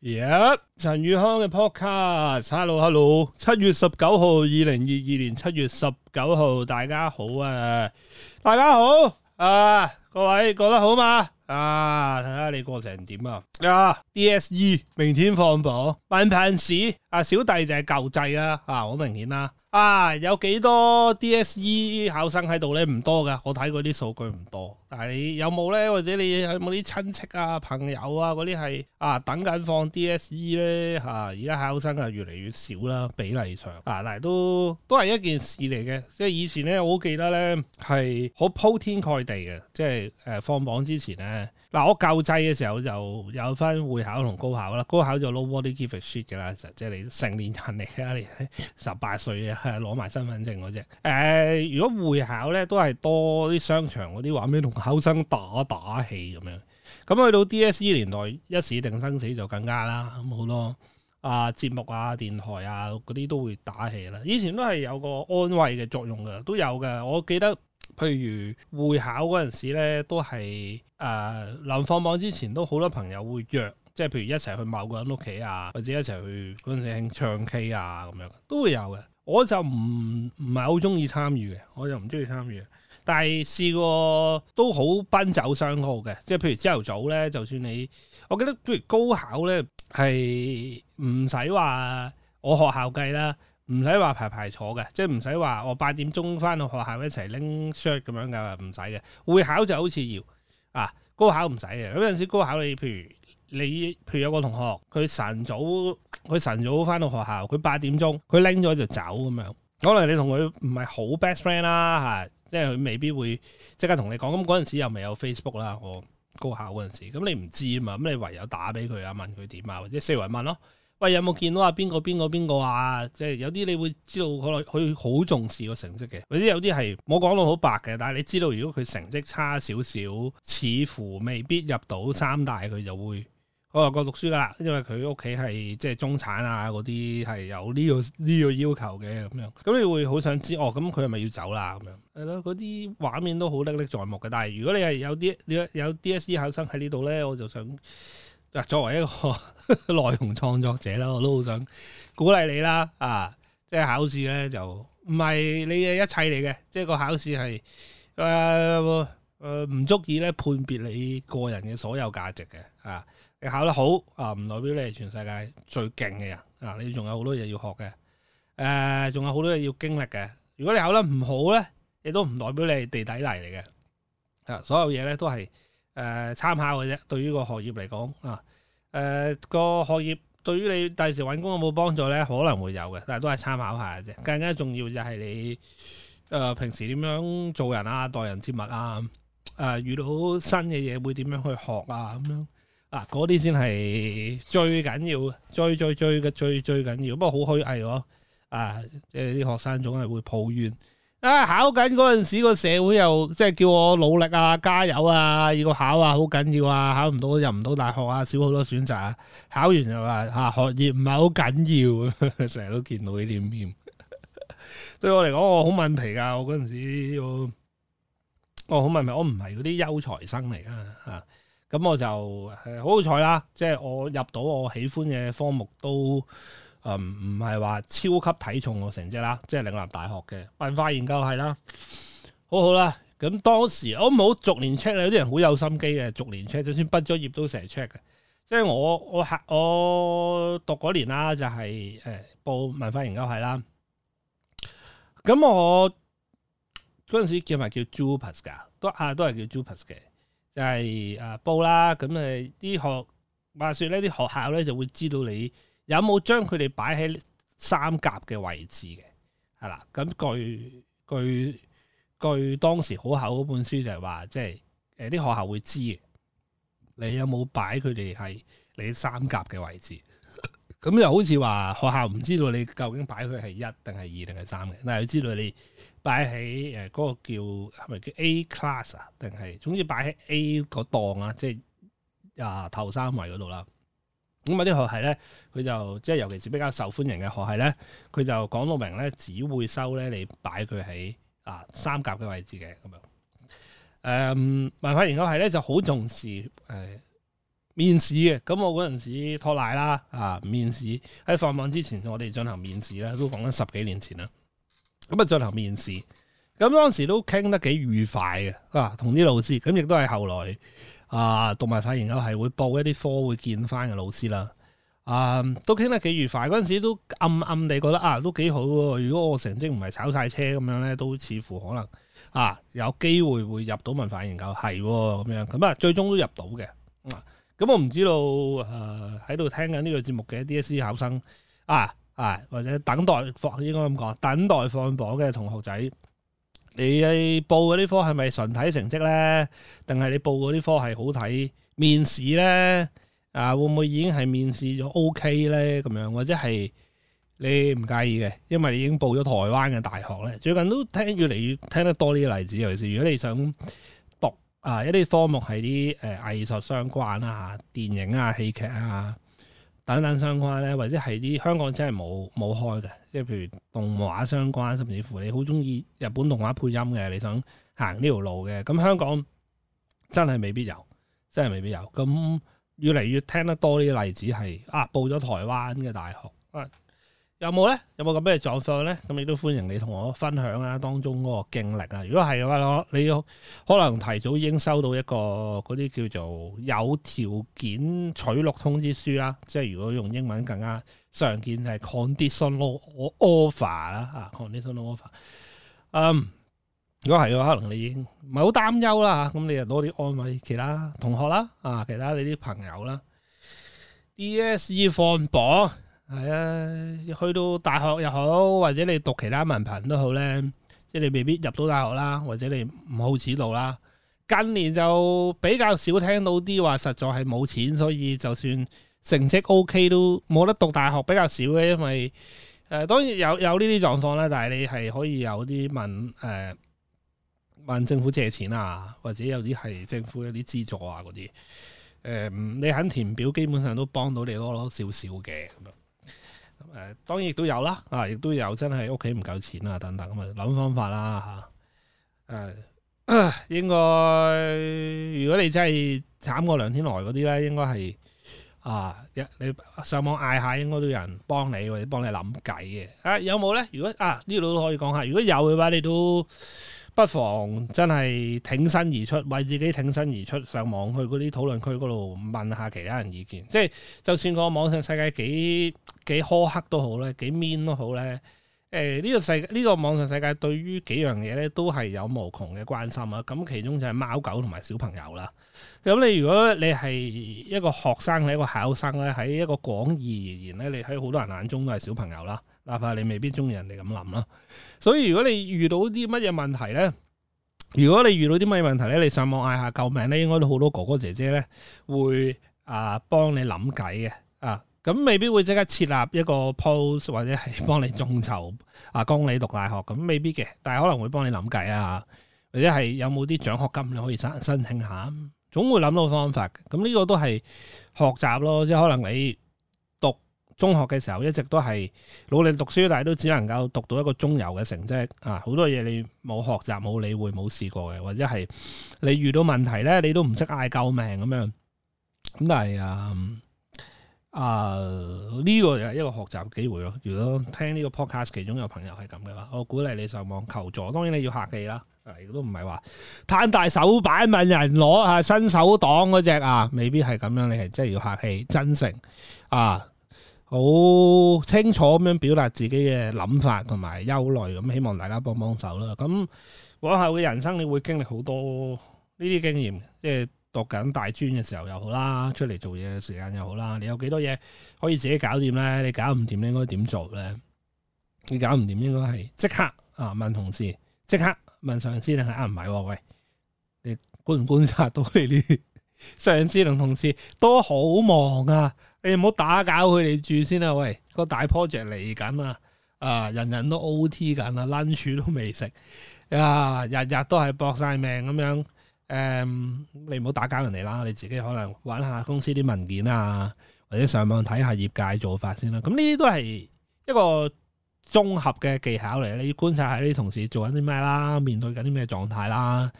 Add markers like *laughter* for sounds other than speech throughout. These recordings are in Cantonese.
耶！陳宇、yep, 康嘅 podcast，hello hello，七月十九號，二零二二年七月十九號，大家好啊，大家好啊，各位過得好嗎？啊，睇下你過成點啊？啊，DSE 明天放榜，萬平市啊，小弟就係舊制啦，啊，好明顯啦，啊，啊，有幾多 DSE 考生喺度呢？唔多㗎，我睇嗰啲數據唔多。但係你有冇咧？或者你有冇啲親戚啊、朋友啊嗰啲係啊等緊放 DSE 咧？嚇、啊！而家考生啊越嚟越少啦，比例上啊，但係都都係一件事嚟嘅。即係以前咧，我好記得咧係好鋪天蓋地嘅。即係誒、呃、放榜之前咧，嗱、啊、我舊制嘅時候就有分會考同高考啦。高考就攞 body proof sheet 嘅啦，就即係你成年人嚟嘅，你十八歲嘅攞埋身份證嗰隻。誒、呃，如果會考咧都係多啲商場嗰啲話咩同？考生打打氣咁樣，咁去到 DSE 年代，一試定生死就更加啦。咁好多啊，節目啊、電台啊嗰啲都會打氣啦。以前都係有個安慰嘅作用噶，都有噶。我記得譬如會考嗰陣時咧，都係誒臨放榜之前，都好多朋友會約，即係譬如一齊去某個人屋企啊，或者一齊去嗰陣時興唱 K 啊咁樣，都會有嘅。我就唔唔係好中意參與嘅，我就唔中意參與。但係試過都好奔走相告嘅，即係譬如朝頭早咧，就算你，我記得譬如高考咧，係唔使話我學校計啦，唔使話排排坐嘅，即係唔使話我八點鐘返到學校一齊拎 shirt 咁樣嘅，唔使嘅。會考就好似要啊，高考唔使嘅。嗰陣時高考你譬如你譬如有個同學佢晨早。佢晨早翻到學校，佢八點鐘，佢拎咗就走咁樣。可能你同佢唔係好 best friend 啦，嚇，即係佢未必會即刻同你講。咁嗰陣時又未有 Facebook 啦，我高考嗰陣時，咁你唔知啊嘛，咁你唯有打俾佢啊，問佢點啊，或者四圍問咯。喂，有冇見到啊？邊個邊個邊個啊？即係有啲你會知道，可能佢好重視個成績嘅，或者有啲係冇講到好白嘅，但係你知道如果佢成績差少少，似乎未必入到三大，佢就會。哦、我話佢讀書啦，因為佢屋企係即係中產啊，嗰啲係有呢、這個呢、這個要求嘅咁樣。咁你會好想知哦，咁佢係咪要走啦咁樣？係咯，嗰啲畫面都好歷歷在目嘅。但係如果你係有啲有有 DSE 考生喺呢度咧，我就想，啊，作為一個內 *laughs* 容創作者啦，我都好想鼓勵你啦，啊，即係考試咧就唔係你嘅一切嚟嘅，即係個考試係誒誒唔足以咧判別你個人嘅所有價值嘅啊。你考得好啊，唔代表你係全世界最勁嘅人啊！你仲有好多嘢要學嘅，誒、啊，仲有好多嘢要經歷嘅。如果你考得唔好咧，亦都唔代表你係地底泥嚟嘅。啊，所有嘢咧都係誒、呃、參考嘅啫。對於個學業嚟講啊，誒、啊、個學業對於你第時搵工有冇幫助咧，可能會有嘅，但係都係參考下啫。更加重要就係你誒、呃、平時點樣做人啊，待人接物啊，誒、啊、遇到好新嘅嘢會點樣去學啊，咁樣。嗱，嗰啲先係最緊要，最最最嘅最最緊要。不過好虛偽咯、啊，啊！即係啲學生總係會抱怨啊，考緊嗰陣時個社會又即係叫我努力啊、加油啊，要個考啊好緊要啊，考唔到入唔到大學啊，少好多選擇、啊。考完又話嚇、啊、學業唔係好緊要，成 *laughs* 日都見到呢啲咁。對我嚟講，我好問題㗎。我嗰陣時，我，我好問題，我唔係嗰啲優才生嚟㗎嚇。啊咁我就誒好好彩啦，即係我入到我喜歡嘅科目都誒唔係話超級睇重我成績啦，即係嶺南大學嘅文化研究系啦，好好啦。咁當時我冇逐年 check，有啲人好有心機嘅逐年 check，就算畢咗業都成日 check 嘅。即係我我我讀嗰年啦、就係，就係誒報文化研究系啦。咁我嗰陣時叫咪叫 Jupas 噶、啊，都啊都係叫 Jupas 嘅。就係、是、誒、啊、報啦，咁誒啲學話説呢啲學校咧就會知道你有冇將佢哋擺喺三甲嘅位置嘅，係啦。咁、嗯、據據據當時好厚嗰本書就係話，即係誒啲學校會知嘅，你有冇擺佢哋係你三甲嘅位置？咁、嗯、又好似話學校唔知道你究竟擺佢係一，定係二，定係三嘅，但係佢知道你，擺喺誒嗰個叫係咪叫 A class 啊？定係總之擺喺 A 嗰檔啊，即係啊頭三位嗰度啦。咁啊啲學系咧，佢就即係尤其是比較受歡迎嘅學系咧，佢就講到明咧，只會收咧你擺佢喺啊三甲嘅位置嘅咁樣。誒、嗯，文化研究系咧就好重視誒、呃、面試嘅。咁我嗰陣時托賴啦啊，面試喺放榜之前，我哋進行面試咧，都講緊十幾年前啦。咁啊，進行面試，咁當時都傾得幾愉快嘅，啊，同啲老師，咁亦都係後來啊，讀文化研究系會報一啲科會見返嘅老師啦，啊，都傾得幾愉快，嗰陣時都暗暗地覺得啊，都幾好喎，如果我成績唔係炒晒車咁樣咧，都似乎可能啊，有機會會入到文化研究系咁樣，咁、嗯、啊，最終都入到嘅，咁、啊、我唔知道誒喺度聽緊呢個節目嘅 DSE 考生啊。啊，或者等待放，應該咁講，等待放榜嘅同學仔，你報嗰啲科係咪純睇成績咧？定係你報嗰啲科係好睇面試咧？啊，會唔會已經係面試咗 OK 咧？咁樣或者係你唔介意嘅，因為你已經報咗台灣嘅大學咧。最近都聽越嚟越聽得多呢啲例子，尤其是如果你想讀啊一啲科目係啲誒藝術相關啊、電影啊、戲劇啊。等等相關咧，或者係啲香港真係冇冇開嘅，即係譬如動畫相關，甚至乎你好鍾意日本動畫配音嘅，你想行呢條路嘅，咁香港真係未必有，真係未必有。咁越嚟越聽得多啲例子係啊，報咗台灣嘅大學。啊有冇咧？有冇咁咩狀況咧？咁你都歡迎你同我分享啊，當中嗰個經歷啊。如果係嘅話，你可能提早已經收到一個嗰啲叫做有條件取錄通知書啦、啊，即係如果用英文更加常見係 conditional offer 啦、啊，嚇、啊、conditional offer。嗯，如果係嘅話，可能你已經唔係好擔憂啦，咁你就多啲安慰其他同學啦、啊，啊，其他你啲朋友啦、啊。DSE 放榜。係啊，去到大學又好，或者你讀其他文憑都好咧。即係你未必入到大學啦，或者你唔好似到啦。近年就比較少聽到啲話，實在係冇錢，所以就算成績 OK 都冇得讀大學比較少嘅。因為誒、呃、當然有有呢啲狀況啦，但係你係可以有啲問誒、呃、問政府借錢啊，或者有啲係政府有啲資助啊嗰啲誒，你肯填表基本上都幫到你多多少少嘅誒，當然亦都有啦，啊，亦都有真係屋企唔夠錢啊，等等咁啊，諗方法啦嚇。誒、啊啊，應該如果你真係慘過兩天來嗰啲咧，應該係啊，一你上網嗌下，應該都有人幫你或者幫你諗計嘅。啊，有冇咧？如果啊呢度都可以講下，如果有嘅話，你都，不妨真係挺身而出，為自己挺身而出，上網去嗰啲討論區嗰度問下其他人意見。即係就算個網上世界幾幾苛刻都好咧，幾 mean 都好咧。誒、呃，呢、呢個世呢、呢個網上世界對於幾樣嘢咧，都係有無窮嘅關心啊。咁其中就係貓狗同埋小朋友啦。咁你如果你係一個學生，你一個考生咧，喺一個廣義而言咧，你喺好多人眼中都係小朋友啦。哪怕、啊、你未必中意人哋咁諗咯，所以如果你遇到啲乜嘢問題咧，如果你遇到啲乜嘢問題咧，你上網嗌下救命咧，應該都好多哥哥姐姐咧會啊幫你諗計嘅啊，咁、啊、未必會即刻設立一個 post 或者係幫你眾籌啊供你讀大學咁，未必嘅，但係可能會幫你諗計啊，或者係有冇啲獎學金你可以申申請下，總會諗到方法。咁呢個都係學習咯，即係可能你。中學嘅時候，一直都係努力讀書，但係都只能夠讀到一個中游嘅成績啊！好多嘢，你冇學習、冇理會、冇試過嘅，或者係你遇到問題咧，你都唔識嗌救命咁樣。咁但係啊啊呢個又係一個學習機會咯。如果聽呢個 podcast，其中有朋友係咁嘅話，我鼓勵你上網求助。當然你要客氣啦，亦都唔係話攤大手板問人攞啊，伸手黨嗰隻啊，未必係咁樣。你係真係要客氣、真誠啊。好、哦、清楚咁樣表達自己嘅諗法同埋憂慮，咁希望大家幫幫手啦。咁、嗯、往後嘅人生你會經歷好多呢啲經驗，即係讀緊大專嘅時候又好啦，出嚟做嘢嘅時間又好啦。你有幾多嘢可以自己搞掂咧？你搞唔掂咧，應該點做咧？你搞唔掂，應該係即刻啊問同事，即刻問上司，你係呀？唔係喎！喂，你觀唔觀察到你啲上司同同事都好忙啊！你唔好打攪佢哋住先啦，喂，那個大 project 嚟緊啊，啊、呃，人人都 OT 緊啊，lunch 都未食，啊、呃，日日都係搏晒命咁樣，誒、呃，你唔好打攪人哋啦，你自己可能玩下公司啲文件啊，或者上網睇下業界做法先啦，咁呢啲都係一個綜合嘅技巧嚟，你要觀察喺啲同事做緊啲咩啦，面對緊啲咩狀態啦。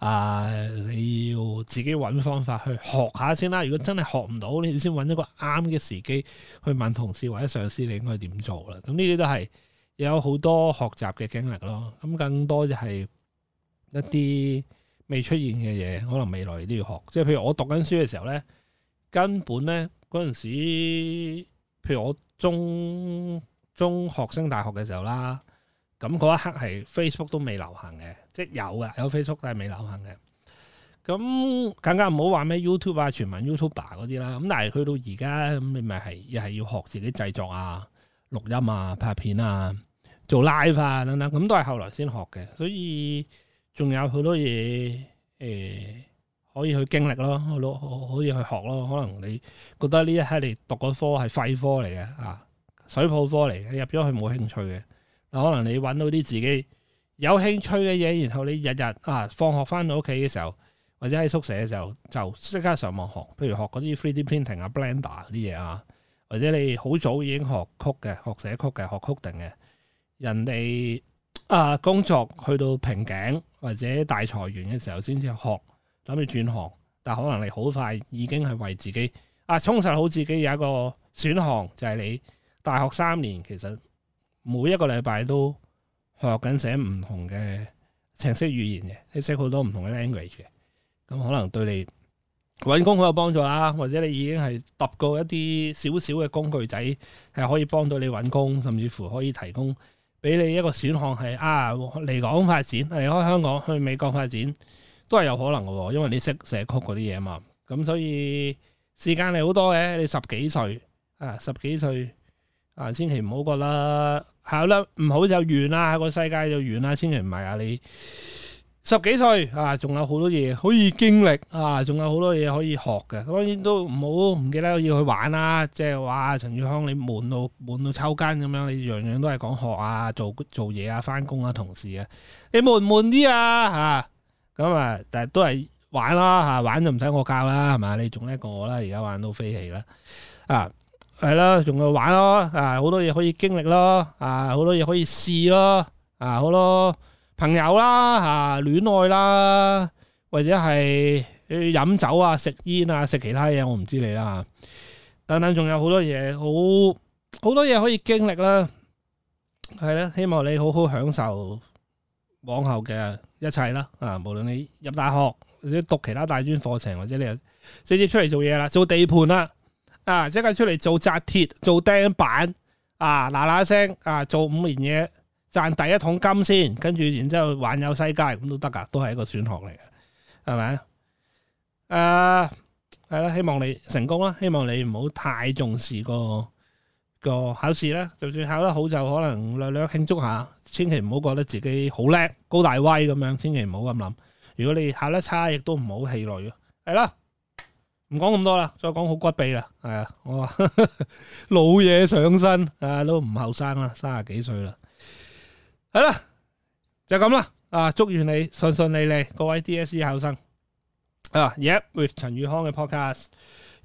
啊！你要自己揾方法去學下先啦。如果真係學唔到，你先揾一個啱嘅時機去問同事或者上司，你應該點做啦。咁呢啲都係有好多學習嘅經歷咯。咁更多就係一啲未出現嘅嘢，可能未來你都要學。即係譬如我讀緊書嘅時候咧，根本咧嗰陣時，譬如我中中學生、大學嘅時候啦。咁嗰一刻係 Facebook 都未流行嘅，即係有嘅，有 Facebook 都係未流行嘅。咁更加唔好話咩 YouTube 啊，全民 YouTuber 嗰啲啦。咁但係去到而家，咁你咪係又係要學自己製作啊、錄音啊、拍片啊、做 live 啊等等。咁都係後來先學嘅。所以仲有好多嘢誒、欸，可以去經歷咯，可可以去學咯。可能你覺得呢一刻你讀嗰科係廢科嚟嘅啊，水泡科嚟嘅，入咗去冇興趣嘅。可能你揾到啲自己有興趣嘅嘢，然後你日日啊，放學翻到屋企嘅時候，或者喺宿舍嘅時候，就即刻上網學。譬如學嗰啲 3D printing 啊，Blender 啲嘢啊，或者你好早已經學曲嘅，學寫曲嘅，學曲定嘅。人哋啊，工作去到瓶頸或者大裁員嘅時候，先至學諗住轉行，但可能你好快已經係為自己啊充實好自己有一個選項，就係你大學三年其實。每一個禮拜都學緊寫唔同嘅程式語言嘅，你識好多唔同嘅 language 嘅，咁可能對你搵工好有幫助啦。或者你已經係揼過一啲少少嘅工具仔，係可以幫到你搵工，甚至乎可以提供俾你一個選項，係啊嚟港發展，離開香港去美國發展都係有可能嘅，因為你識寫曲嗰啲嘢嘛。咁所以時間係好多嘅，你十幾歲啊，十幾歲。啊！千祈唔好覺得，考得、啊、啦，唔好就完啦、啊，喺個、啊、世界就完啦、啊。千祈唔係啊！你十幾歲啊，仲有好多嘢可以經歷啊，仲有好多嘢可以學嘅、啊。當然都唔好唔記得要去玩啦、啊。即係話陳宇康，你悶到悶到抽筋咁樣，你樣樣都係講學啊，做做嘢啊，返工啊，同事啊，你悶唔悶啲啊？嚇、啊！咁啊，但係都係玩啦、啊，嚇、啊，玩就唔使我教啦，係咪？你仲叻過我啦，而家玩到飛起啦啊！係啦，仲有玩咯，啊，好多嘢可以經歷咯，啊，好多嘢可以試咯，啊，好多朋友啦，啊，戀愛啦，或者係去飲酒啊、食煙啊、食其他嘢，我唔知你啦。等等，仲有好多嘢，好好多嘢可以經歷啦。係啦，希望你好好享受往後嘅一切啦。啊，無論你入大學或者讀其他大專課程，或者你直接出嚟做嘢啦，做地盤啦。啊！即係出嚟做紮鐵、做釘板啊！嗱嗱聲啊！做五年嘢賺第一桶金先，跟住然之後環遊世界咁都得噶，都係一個選項嚟嘅，係咪啊？誒，係啦，希望你成功啦！希望你唔好太重視個個考試啦，就算考得好就可能略略慶祝下，千祈唔好覺得自己好叻、高大威咁樣，千祈唔好咁諗。如果你考得差，亦都唔好氣餒咯。係啦。唔講咁多啦，再講好骨痹啦，係啊，我老嘢上身啊，都唔後生啦，三十幾歲啦，係啦，就咁啦，啊，祝願你順順利利，各位 DSE 考生啊，Yep，with 陳宇康嘅 Podcast，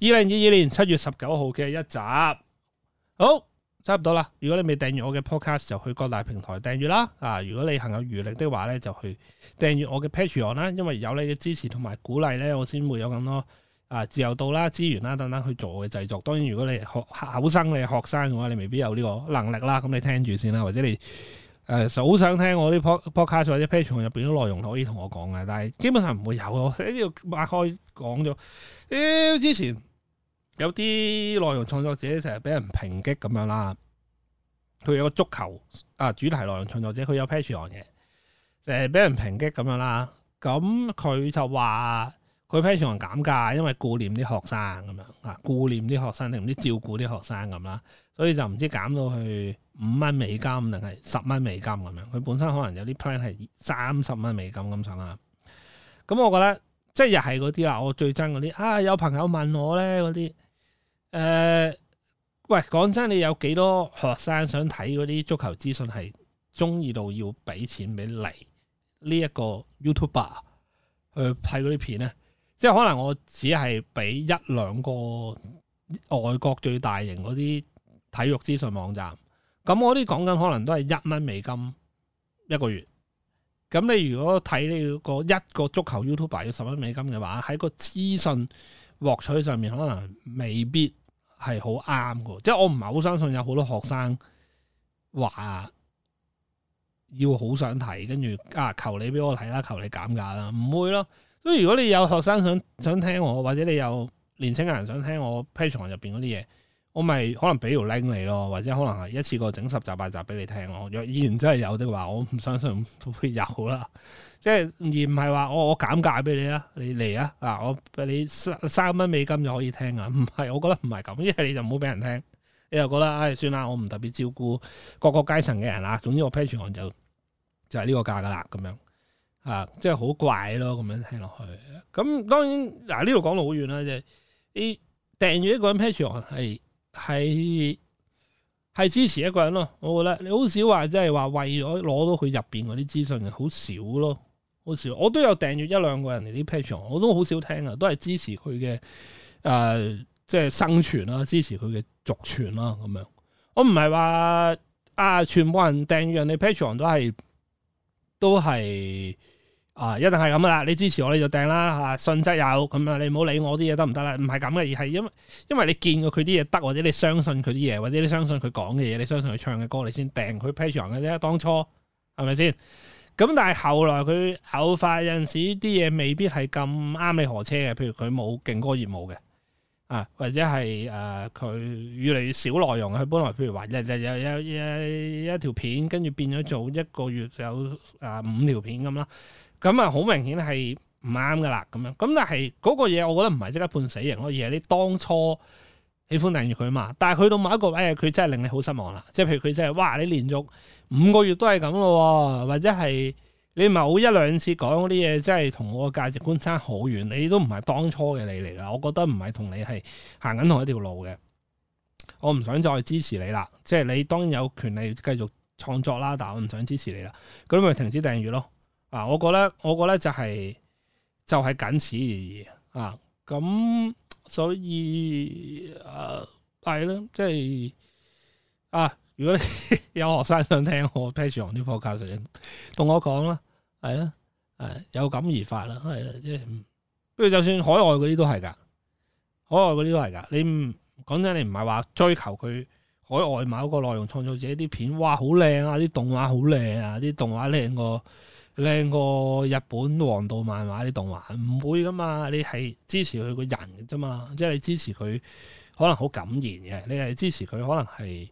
二零二二年七月十九號嘅一集，好差唔多啦，如果你未訂閱我嘅 Podcast 就去各大平台訂閱啦，啊，如果你行有餘力的話咧就去訂閱我嘅 Patreon 啦，因為有你嘅支持同埋鼓勵咧，我先會有咁多。啊，自由度啦、資源啦等等去做嘅製作。當然，如果你係考生，你係學生嘅話，你未必有呢個能力啦。咁、嗯、你聽住先啦，或者你誒好、呃、想聽我啲 podcast 或者 Patreon 入邊嘅內容，可以同我講嘅。但係基本上唔會有嘅。我喺呢度擘開講咗、欸。之前有啲內容創作者成日俾人抨擊咁樣啦。佢有個足球啊主題內容創作者，佢有 Patreon 嘅，成日俾人抨擊咁樣啦。咁、嗯、佢就話。佢批上可能減價，因為顧念啲學生咁樣啊，顧念啲學生定唔知照顧啲學生咁啦，所以就唔知減到去五蚊美金定係十蚊美金咁樣。佢本身可能有啲 plan 係三十蚊美金咁上下。咁、嗯、我覺得即係又係嗰啲啦。我最憎嗰啲啊！有朋友問我咧嗰啲，誒、呃，喂，講真，你有幾多學生想睇嗰啲足球資訊係中意到要俾錢俾你嚟、這個、呢一個 YouTuber 去睇嗰啲片咧？即係可能我只係俾一兩個外國最大型嗰啲體育資訊網站，咁我啲講緊可能都係一蚊美金一個月。咁你如果睇你個一個足球 YouTuber 要十蚊美金嘅話，喺個資訊獲取上面可能未必係好啱嘅。即係我唔係好相信有好多學生話要好想睇，跟住啊求你俾我睇啦，求你減價啦，唔會咯。如果你有學生想想聽我，或者你有年輕人想聽我 Patreon 入邊嗰啲嘢，我咪可能俾條 link 你咯，或者可能係一次過整十集八集俾你聽咯。若依然真係有的話，我唔相信會有啦。即係而唔係話我我減價俾你啊，你嚟啊！啊我俾你三三蚊美金就可以聽啊。唔係，我覺得唔係咁，一係你就唔好俾人聽，你又覺得唉、哎、算啦，我唔特別照顧各個階層嘅人啦。總之我 Patreon 就就係、是、呢個價噶啦，咁樣。啊，即係好怪咯，咁樣聽落去。咁當然嗱，呢度講到好遠啦，即係啲訂閱一個人 Patreon 係係係支持一個人咯。我覺得你好少話，即係話為咗攞到佢入邊嗰啲資訊，好少咯，好少。我都有訂閱一兩個人哋啲 Patreon，我都好少聽啊，都係支持佢嘅誒，即係生存啦，支持佢嘅續存啦，咁樣。我唔係話啊，全部人訂閱人哋 Patreon 都係都係。啊，一定係咁噶啦！你支持我，你就訂啦嚇、啊。信則有咁啊，你唔好理我啲嘢得唔得啦？唔係咁嘅，而係因為因為你見過佢啲嘢得，或者你相信佢啲嘢，或者你相信佢講嘅嘢，你相信佢唱嘅歌，你先訂佢 Patreon 嘅啫。當初係咪先？咁但係後來佢後發有陣時啲嘢未必係咁啱你何車嘅，譬如佢冇勁歌熱舞嘅啊，或者係誒佢越嚟越少內容。佢本來譬如話日日有有有一條片，跟住變咗做一個月有啊五條片咁咯。咁啊，好明顯係唔啱噶啦，咁樣。咁但係嗰個嘢，我覺得唔係即刻判死刑咯，而係你當初喜歡訂閱佢嘛。但係去到某一個位，位，佢真係令你好失望啦。即係譬如佢真係，哇！你連續五個月都係咁咯，或者係你某一兩次講嗰啲嘢，真係同我嘅價值觀差好遠，你都唔係當初嘅你嚟噶。我覺得唔係同你係行緊同一條路嘅。我唔想再支持你啦。即係你當然有權利繼續創作啦，但係我唔想支持你啦，咁咪停止訂閱咯。啊！我覺得我覺得就係、是、就係、是、僅此而已啊！咁所以誒係咯，即、啊、係、就是、啊！如果你有學生想聽我 Patreon 嘅 podcast，就同我講啦，係啊，係、啊、有感而發啦，係啦，即係不如就算海外嗰啲都係噶，海外嗰啲都係噶。你唔講真，你唔係話追求佢海外某個內容創造者啲片，哇！好靚啊！啲動畫好靚啊！啲動畫靚過～靚過日本王道漫畫啲動畫唔會噶嘛？你係支持佢個人嘅啫嘛？即係你支持佢可能好敢言嘅，你係支持佢可能係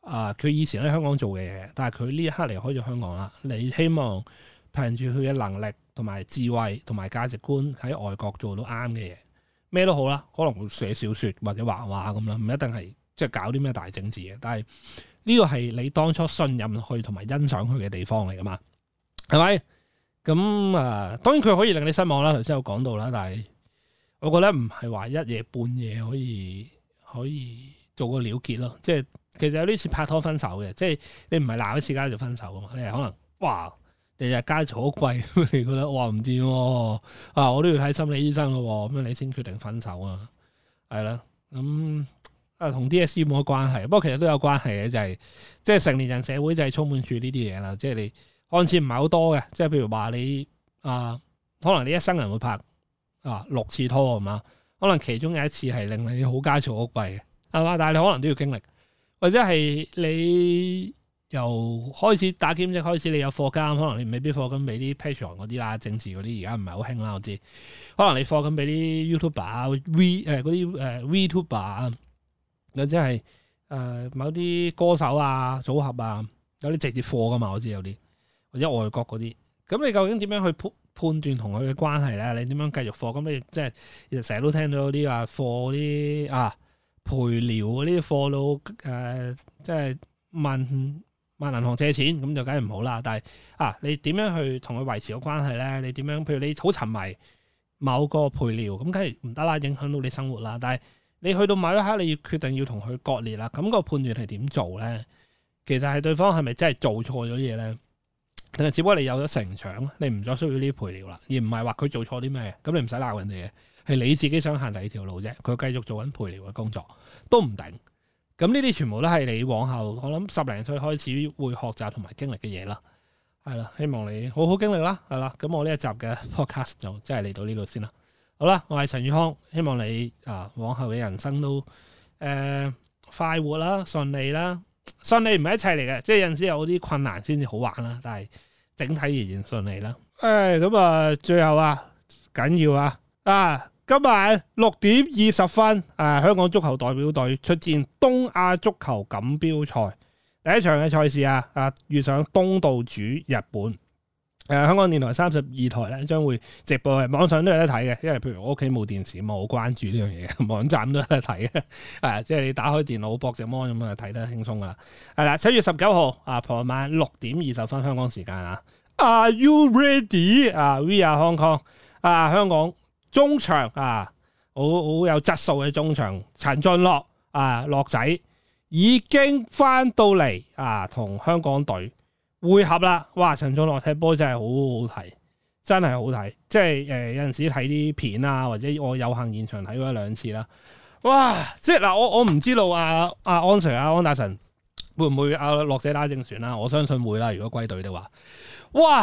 啊佢以前喺香港做嘅嘢，但係佢呢一刻離開咗香港啦。你希望憑住佢嘅能力同埋智慧同埋價值觀喺外國做到啱嘅嘢，咩都好啦，可能會寫小說或者畫畫咁啦，唔一定係即係搞啲咩大政治嘅。但係呢個係你當初信任佢同埋欣賞佢嘅地方嚟噶嘛？係咪？咁啊、嗯，當然佢可以令你失望啦。頭先有講到啦，但係我覺得唔係話一夜半夜可以可以做個了結咯。即係其實有啲似拍拖分手嘅，即係你唔係鬧一次家就分手噶嘛？你係可能哇，日日家坐櫃，你覺得我唔掂啊，我都要睇心理醫生咯。咁你先決定分手啊？係啦，咁啊同 DSE 冇乜關係，不過其實都有關係嘅，就係即係成年人社會就係充滿住呢啲嘢啦。即係你。按次唔係好多嘅，即係譬如話你啊，可能你一生人會拍啊六次拖啊嘛，可能其中有一次係令你好家嘈屋貴嘅，係嘛？但係你可能都要經歷，或者係你由開始打兼職開始，你有課金，可能你未必課金俾啲 patron 嗰啲啦，政治嗰啲而家唔係好興啦，我知。可能你課金俾啲 YouTuber 啊，V 誒嗰啲誒 Vtuber 啊，呃、uber，或者係誒、呃、某啲歌手啊、組合啊，有啲直接課㗎嘛，我知有啲。或者外國嗰啲，咁你究竟點樣去判判斷同佢嘅關係咧？你點樣繼續貨？咁你即係成日都聽到啲話貨啲啊，賠料嗰啲貨佬，誒、呃，即係問問銀行借錢，咁就梗係唔好啦。但係啊，你點樣去同佢維持個關係咧？你點樣？譬如你好沉迷某個賠料，咁梗係唔得啦，影響到你生活啦。但係你去到某一刻，你要決定要同佢割裂啦。咁個判斷係點做咧？其實係對方係咪真係做錯咗嘢咧？但係只不過你有咗成長，你唔再需要呢啲陪聊啦，而唔係話佢做錯啲咩，咁你唔使鬧人哋嘅，係你自己想行第二條路啫。佢繼續做緊陪聊嘅工作都唔定，咁呢啲全部都係你往後我諗十零歲開始會學習同埋經歷嘅嘢啦，係啦，希望你好好經歷啦，係啦。咁我呢一集嘅 podcast 就即係嚟到呢度先啦。好啦，我係陳宇康，希望你啊往後嘅人生都誒、呃、快活啦，順利啦。順利唔係一切嚟嘅，即係有陣時有啲困難先至好玩啦。但係整體仍然順利啦。誒，咁啊，最後啊，緊要啊，啊，今晚六點二十分，誒，啊，香港足球代表隊出戰東亞足球錦標賽第一場嘅賽事啊，啊，遇上東道主日本。誒，香港電台三十二台咧，將會直播，係網上都有得睇嘅。因為譬如我屋企冇電視，冇關注呢樣嘢，網站都有得睇嘅，啊，即係你打開電腦博隻 mon 咁啊，就睇得輕鬆噶啦。係啦，七月十九號啊，傍晚六點二十分香港時間啊，Are you ready？啊，We are Hong Kong。啊，香港中場啊，好好有質素嘅中場陳俊樂啊，樂仔已經翻到嚟啊，同香港隊。匯合啦！哇，陳總樂踢波真係好好睇，真係好睇。即係誒、呃，有陣時睇啲片啊，或者我有幸現場睇咗一兩次啦。哇！即係嗱，我我唔知道阿、啊、阿、啊、安 sir 阿、啊、安大神會唔會阿、啊、落姐打正選啦，啊？我相信會啦。如果歸隊的話，哇，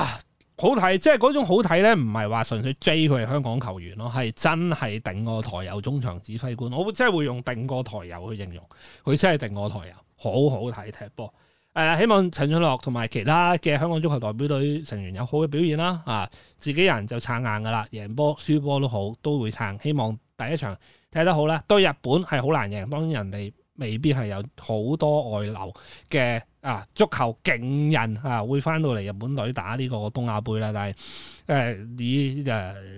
好睇！即係嗰種好睇咧，唔係話純粹追佢係香港球員咯，係真係頂個台右中場指揮官。我真係會用頂個台右去形容，佢真係頂個台右，好好睇踢波。係啦，希望陳俊樂同埋其他嘅香港足球代表隊成員有好嘅表現啦！啊，自己人就撐硬噶啦，贏波、輸波都好，都會撐。希望第一場踢得好啦。對日本係好難贏，當然人哋未必係有好多外流嘅啊足球勁人啊，會翻到嚟日本隊打呢個東亞杯啦。但係誒、呃，以誒、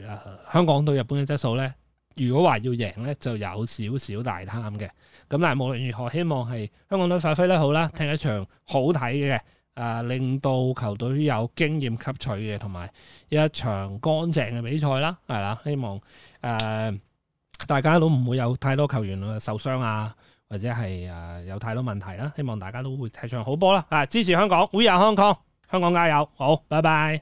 呃、香港對日本嘅質素咧。如果話要贏呢，就有少少大貪嘅。咁但係無論如何，希望係香港隊發揮得好啦，踢一場好睇嘅，誒、啊、令到球隊有經驗吸取嘅，同埋一場乾淨嘅比賽啦，係、啊、啦。希望誒、啊、大家都唔會有太多球員受傷啊，或者係誒、啊、有太多問題啦。希望大家都會睇場好波啦，啊，支持香港，We Are Hong Kong，香港加油！好，拜拜。